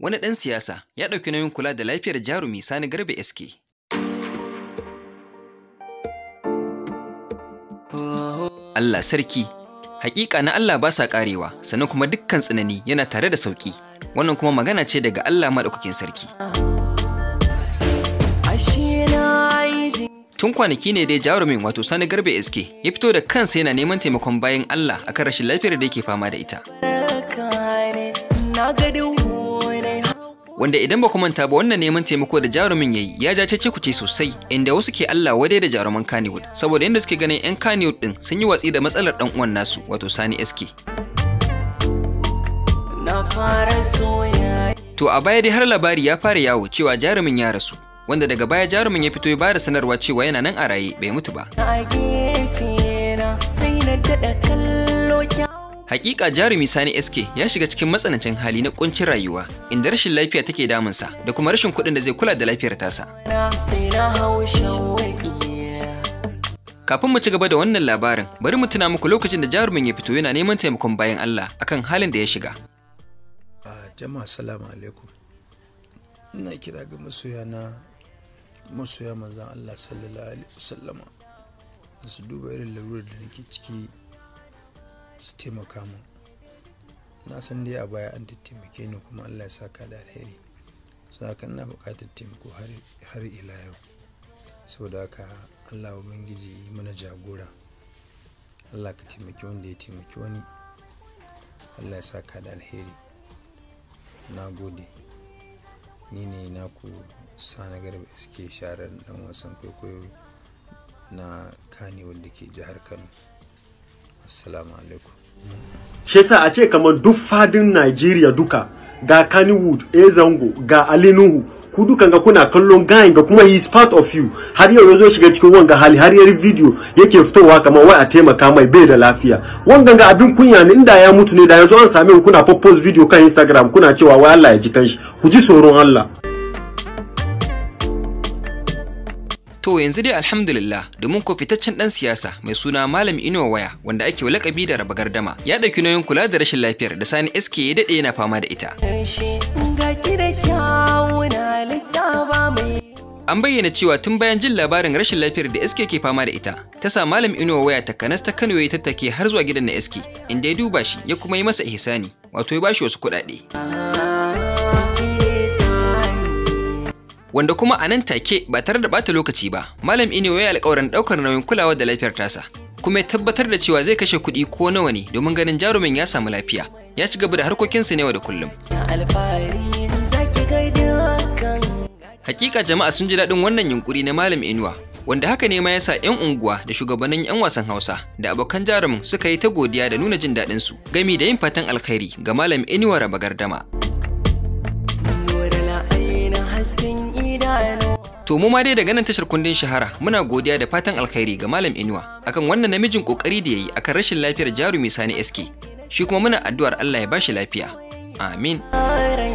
Wani ɗan siyasa ya ɗauki nauyin kula da lafiyar jarumi Sani Garba SK. Allah sarki, hakika na Allah ba sa ƙarewa, sannan kuma dukkan tsanani yana tare da sauƙi. Wannan kuma magana ce daga Allah maɗaukakin sarki. Tun kwanaki ne dai jarumin wato Sani Garba SK ya fito da kansa yana neman taimakon bayan Allah akan rashin lafiyar da yake fama da ita. wanda idan ba ku manta ba wannan neman taimako da jarumin yayi ya ja cece kuce sosai inda wasu ke Allah wadai da jaruman Kanewood saboda yadda suke ganin 'yan Kanewood din sun yi watsi da matsalar dan uwan nasu wato Sani SK. To a baya dai har labari ya fara yawo cewa jarumin ya rasu wanda daga baya jarumin ya fito ya bada sanarwa cewa yana nan a raye bai mutu ba. Hakika jarumi Sani SK ya shiga cikin matsanancin hali na kuncin rayuwa inda rashin lafiya take sa da kuma rashin kuɗin da zai kula da lafiyar tasa. Kafin mu ci gaba da wannan labarin, bari mu tuna muku lokacin da jarumin ya fito yana neman taimakon bayan Allah akan halin da ya shiga. Jama'a salamu alaikum. Ina kira ga masoya na masoya manzon Allah sallallahu alaihi wasallama. Su duba irin lalurar da nake ciki su taimaka mu na san dai a baya an taimake ni kuma allah ya saka da alheri su haka na bukatar taimako har ila yau saboda haka allah ubangiji yi mana jagora allah ka taimaki wanda ya taimaki wani allah ya saka da alheri na gode ni ne na sa na garba iske sharar dan wasan kwaikwayo na kanewar da ke jihar kano assalamu alaikum shi yasa a ce kamar duk fadin Najeriya duka ga Kannywood A eh, Zango ga Ali Nuhu ku dukan ga kuna kallon gayin ga kuma he is part of you har yau ya zo shiga cikin wanga hali har yar video yake fitowa kamar wai a taimaka mai bai da lafiya wanga ga abin kunya ne inda ya mutu ne da yanzu an same ku kuna post video kan Instagram kuna cewa wai Allah ya ji kanshi ku ji tsoron Allah To yanzu dai alhamdulillah domin ko fitaccen dan siyasa mai suna Malam Inuwa Waya wanda ake lakabi da raba gardama ya ɗauki nauyin kula da rashin lafiyar da Sani SK ya daɗe yana fama da ita. An bayyana cewa tun bayan jin labarin rashin lafiyar da SK ke fama da ita, ta sa Malam Inuwa Waya takanas ta Kano ya tattake har zuwa gidan na SK, inda ya duba shi ya kuma yi masa ihsani, wato ya bashi wasu kuɗaɗe. wanda kuma a nan take ba tare da bata lokaci ba malam inewa ya alƙawarin ɗaukar nauyin kulawa da lafiyar tasa kuma ya tabbatar da cewa zai kashe kuɗi ko nawa ne domin ganin jarumin ya samu lafiya ya ci gaba da harkokinsa ne da kullum hakika jama'a sun ji daɗin wannan yunkuri na malam inuwa wanda haka ne ma ya sa 'yan unguwa da shugabannin 'yan wasan hausa da abokan jarumin suka yi ta godiya da nuna jin daɗin su gami da yin fatan alkhairi ga malam inuwa raba To mu ma dai daga nan tashar kundin shahara muna godiya da fatan alkhairi ga Malam Inuwa akan wannan namijin kokari da yayi akan rashin lafiyar jarumi Sani SK. Shi kuma muna addu'ar Allah ya bashi lafiya. Amin.